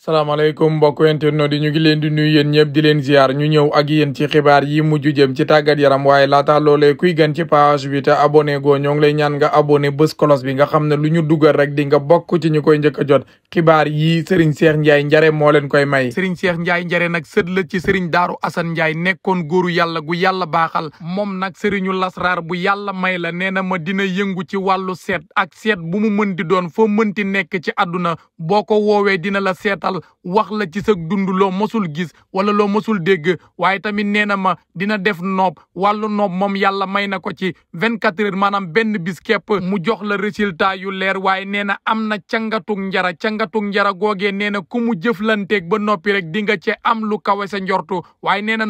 salaamaaleykum mbokk internet yi ñu ngi leen di nuyu yén ñëpp di leen ziar ñu ñëw ak yéen ci xibaar yi mujj jëm ci tàggat yaram waaye laata loolee kuy gan ci page bi te abonné goo ñoo ngi lay ñaan nga abonné bés kolos bi nga xam ne lu ñu dugal rek di nga bokk ci ñu koy njëkk a jot xibaar yi Serigne Cheikh Ndiaye Njare moo leen koy may Serigne Cheikh Ndiaye Njare nag sët la ci Serigne Daaru Assane Ndiaye nekkoon góoru yàlla gu yàlla baaxal moom nag Serigne Lasrar bu yàlla may la nee na ma dina yëngu ci wàllu seet ak seet bu mu mën di doon foo mënti nekk ci àdduna boo ko woowee dina la seetal Sall wax la ci sa dund loo mosul gis wala loo mosul dégg waaye tamit nee na ma dina def noob wàllu noob moom yàlla may na ko ci vingt quatre heures maanaam benn bis képp mu jox la résultat yu leer waaye nee na am na cangatug njara cangatug njara googee nee na ku mu jëflanteeg ba noppi rek di nga ci am lu kawe sa njortu waaye nee na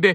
de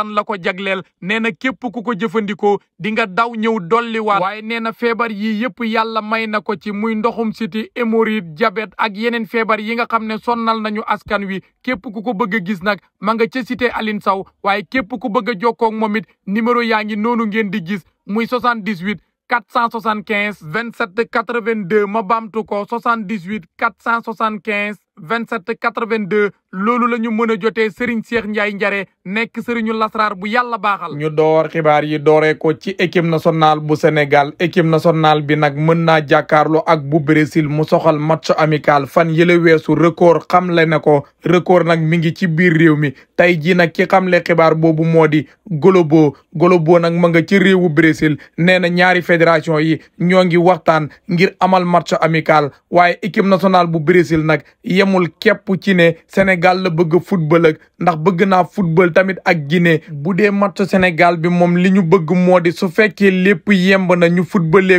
kattan la ko jagleel nee na képp ku ko jëfandikoo di nga daw ñëw waa waaye nee na feebar yi yëpp yàlla may na ko ci muy ndoxum siti hémorroïde jabet ak yeneen feebar yi nga xam ne sonnal nañu askan wi képp ku ko bëgg a gis nag ma nga ca cité Aline Sow waaye képp ku bëgg a jokkoo ak moom it numéro yaa ngi noonu ngeen di gis muy 78 475 27 82 ma baamtu ko 78 475 27 82 loolu la ñu mën a jotee Serigne Cheikh Ndiaye Njare nekk Serigne Lasrar bu yàlla baaxal. ñu door xibaar yi dooree ko ci équipe nationale bu Sénégal équipe nationale bi nag mën naa jàkkaarloo ak bu Brésil mu soxal match amicale fan yële weesu record le ne ko record nag mi ngi ci biir réew mi tey jii nag ki xamle xibaar boobu moo di Golobo Golobo nag ma nga ci réewu Brésil nee na ñaari fédération yi ñoo ngi waxtaan ngir amal match amicale waaye équipe nationale bu Brésil nag yemul képp ci ne Sénégal bëgg football ak ndax bëgg naa football tamit ak Guinée bu dee match Sénégal bi moom li ñu bëgg moo di su fekkee lépp yemb na ñu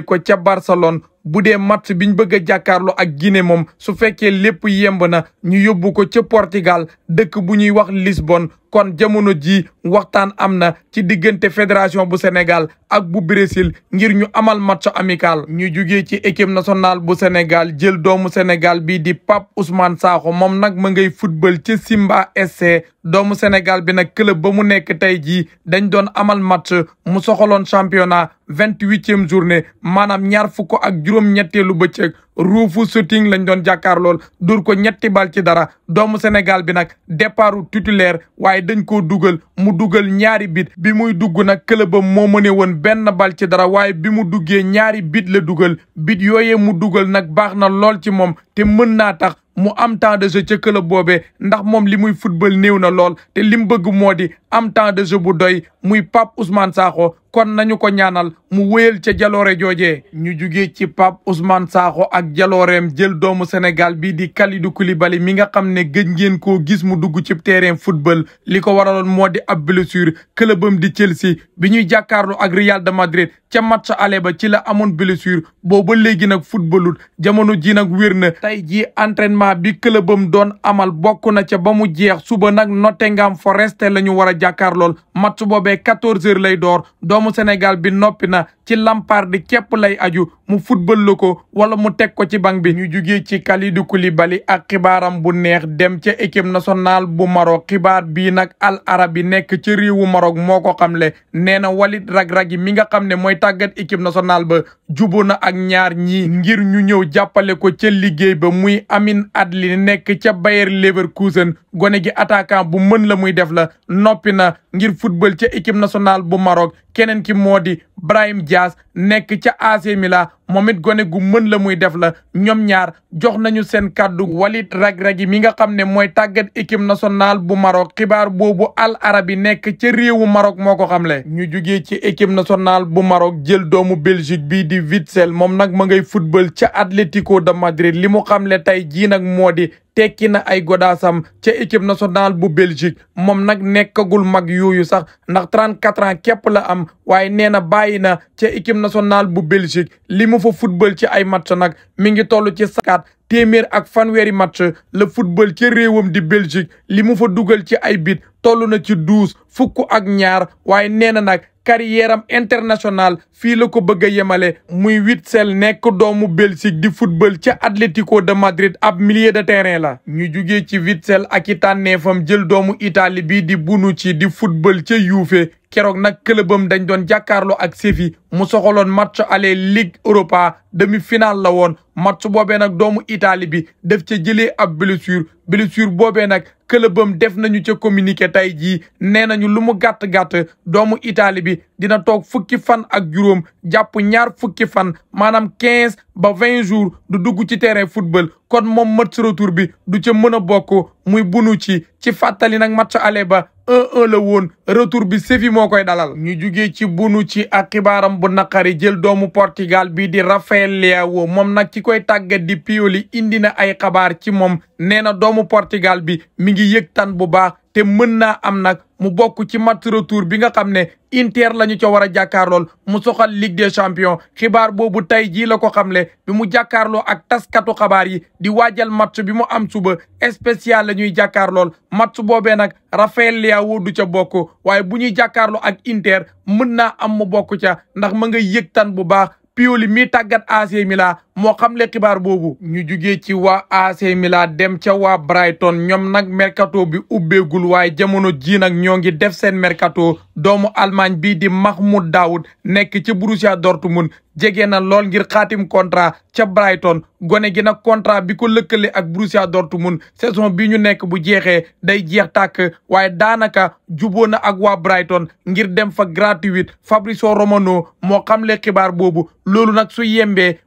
ko ca Barcelone bu dee match biñ bëgg a jàkkaarloo ak Guinée moom su fekkee lépp yemb na ñu yóbbu ko ca Portugal dëkk bu ñuy wax Lisbonne kon jamono ji waxtaan am na ci diggante fédération bu Sénégal ak bu Brésil ngir ñu amal match amical ñu jugee ci équipe nationale bu Sénégal jël doomu Sénégal bi di pap Ousmane Sakho moom nag ma ngay football ca Simba SC doomu Sénégal bi nag club ba mu nekk tey jii dañ doon amal match mu soxaloon championnat vingt-huitième journée maanaam ñaar fukk ak juróom-ñetteelu bëccëg Rufisque lañ doon jàkkaarlool dur ko ñetti bal ci dara doomu Sénégal bi nag départu titulaire waaye dañ koo dugal mu dugal ñaari bit bi muy dugg nag club ba moo mëne woon benn bal ci dara waaye bi mu duggee ñaari bit la dugal bit yooyee mu dugal nag baax na lool ci moom te mën naa tax mu am temps de jeu ca club boobee ndax moom li muy football néew na lool te li mu bëgg moo di am temps de jeu bu doy muy pap Ousmane Sakho kon nañu ko ñaanal mu wéyal ca jaloore jooje ñu jugee ci Pape Ousmane Sakho ak jalooreem jël doomu Sénégal bi di Kalidou Koulibaly mi nga xam ne gëj ngeen koo gis mu dugg ci terrain football li ko waraloon moo di ab blessure clubam di Chelsea bi ñuy jàkkaarloo ak Real de Madrid ca match aller ba ci la amoon blessure booba léegi nag footballut jamono ji nag wér na tey jii entraînement bi clubam doon amal bokk na ca ba mu jeex suba nag Nottingham Forest la ñu war a jàkkaarlool match boobee 14 heures lay door doomu Sénégal bi noppi na ci Lampard di képp lay aju mu football ko wala mu teg ko ci banc bi. ñu jugee ci Kalidou Koulibaly ak xibaaram bu neex dem ca équipe national bu Maroc xibaar bii nag Al Arabi nekk ci réewu Maroc moo ko le nee na Walid Regragui mi nga xam ne mooy tàggat équipe national ba jubóo na ak ñaar ñii ngir ñu ñëw jàppale ko ca liggéey ba muy Amin Adli nekk ca Bayer Leverkusen gone gi attaquant bu mën la muy def la noppi na ngir football ci équipe nationale bu Maroc keneen ki moo di Brahim Diaz nekk ca AC Milan moom it gone gu mën la muy def la ñoom ñaar jox nañu seen kàddu walit rag-ragi mi nga xam ne mooy tàggat équipe nationale bu Maroc xibaar boobu Al Arabi nekk ca réewu Maroc moo ko xamle ñu jugee ci équipe nationale bu Maroc jël doomu Belgique bii di Witsel moom nag ma ngay football ca Atlético de Madrid li mu xamle tey jii nag moo di tekki na ay godaasam ca équipe nationale bu Belgique moom nag nekkagul mag yooyu sax ndax trente-quatre ans képp la am waaye nee na bàyyi na ca équipe nationale bu Belgique fa football ci ay match nag mi ngi toll ci sakaat téeméer ak fanweeri match la football ci réewam di Belgique li mu fa dugal ci ay bit toll na ci douze fukk ak ñaar waaye nee na nag carrière international fii la ko bëgg a yemale muy Witsel nekk doomu Belgique di football ca Atlético de Madrid ab milieu de terrain la. ñu jugee ci Witsel ak i tànneefam jël doomu Italie bi di ci di football ci Juve keroog nag këlëbam dañ doon jàkkaarloo ak Séville mu soxaloon match aller Ligue Europa demi-finale la woon match boobee nag doomu Italie bi def ca jëlee ak blessure blessure boobee nag këlëbam def nañu ca communiqué tey jii nee nañu lu mu gàtt-gàtt doomu itali bi dina toog fukki fan ak juróom jàpp ñaar fukki fan maanaam quinze ba vingt jours du dugg ci terrain football kon moom match retour bi du ca mën a bokk muy bunu ci ci fàttali nag match aller ba 1-1 la woon retour bi Séville moo koy dalal ñu jugee ci bunu ci ak xibaaram bu naqari jël doomu Portugal bii di Rafael Leao moom nag ki koy tàggat di Pioli indi na ay xabaar ci moom nee na doomu Portugal bi mi ngi yëg tan bu baax te mën naa am nag mu bokk ci match retour bi nga xam ne Inter la ñu ca war a jàkkaarlool mu soxal Ligue des champions xibaar boobu tey jii la ko xamle bi mu jàkkaarloo ak taskatu xabaar yi di waajal match bi mu am suba spécial la ñuy jàkkaarlool match boobee nag Raphaël Leao du ca bokk waaye bu ñuy jàkkaarloo ak Inter mën naa am mu bokk ca ndax ma nga yëg tan bu baax Pioli mi tàggat AC Milan moo xamle xibaar boobu ñu jugee ci waa AC Milan dem ca waa Brighton ñoom nag mercato bi ubbeegul waaye jamono jii nag ñoo ngi def seen mercato doomu Allemagne bii di Mahmoud Daoud nekk ci Borussia mun jege na lool ngir xaatim contrat ca Brighton gone gi nag contrat bi ko lëkkale ak Borussia mun saison bi ñu nekk bu jeexee day jeex tàkk waaye daanaka juboo na ak waa Brighton ngir dem fa gratuit Fabrizio Romano moo xamle xibaar boobu loolu nag su yembee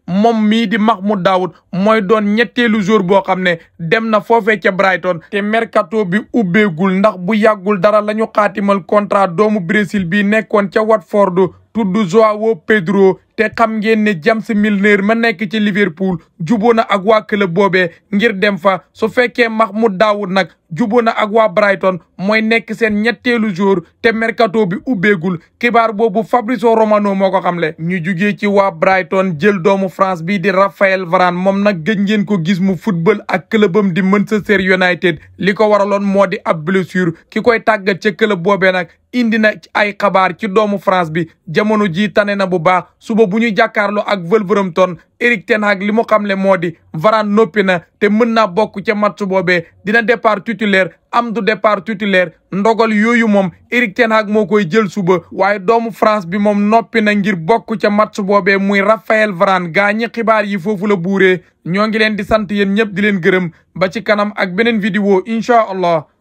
mii di mu Daoud mooy don ñetteelu jour boo xam ne dem na foofee ca Brighton te mercato bi ubbeegul ndax bu yàggul dara la ñu xaatimal contrat doomu Brésil bi nekkoon ca Watford tout tudd wo Pedro te xam ngeen ne James Milner ma nekk ci Liverpool juboo na ak waa club boobee ngir dem fa su fekkee mu Dawood nag jubo na ak waa Brighton mooy nekk seen ñetteelu jour te merkato bi ubbeegul xibaar boobu Fabrizio Romano moo ko le ñu jugee ci waa Brighton jël doomu France bii di Raphaël Varane moom nag gëj ngeen ko gis mu football ak clubam di Manchester United li ko waraloon moo di ab blessure ki koy tàggat ca club boobe nag indi na ay xabaar ci doomu France bi jamono ji tane na bu baax suba bu ñu jàkkaarloo ak Wolverhampton Erik ten Hag li mu xamle moo di Varane noppi na te mën naa bokk ca match boobee dina départ titulaire am du départ titulaire ndogal yooyu moom Erik ten Hag moo koy jël suba waaye doomu France bi moom noppi na ngir bokk ca match boobee muy Raphaël Varane gaa ñi xibaar yi foofu la buuree ñoo ngi leen di sant yéen ñëpp di leen gërëm ba ci kanam ak beneen vidéo incha allah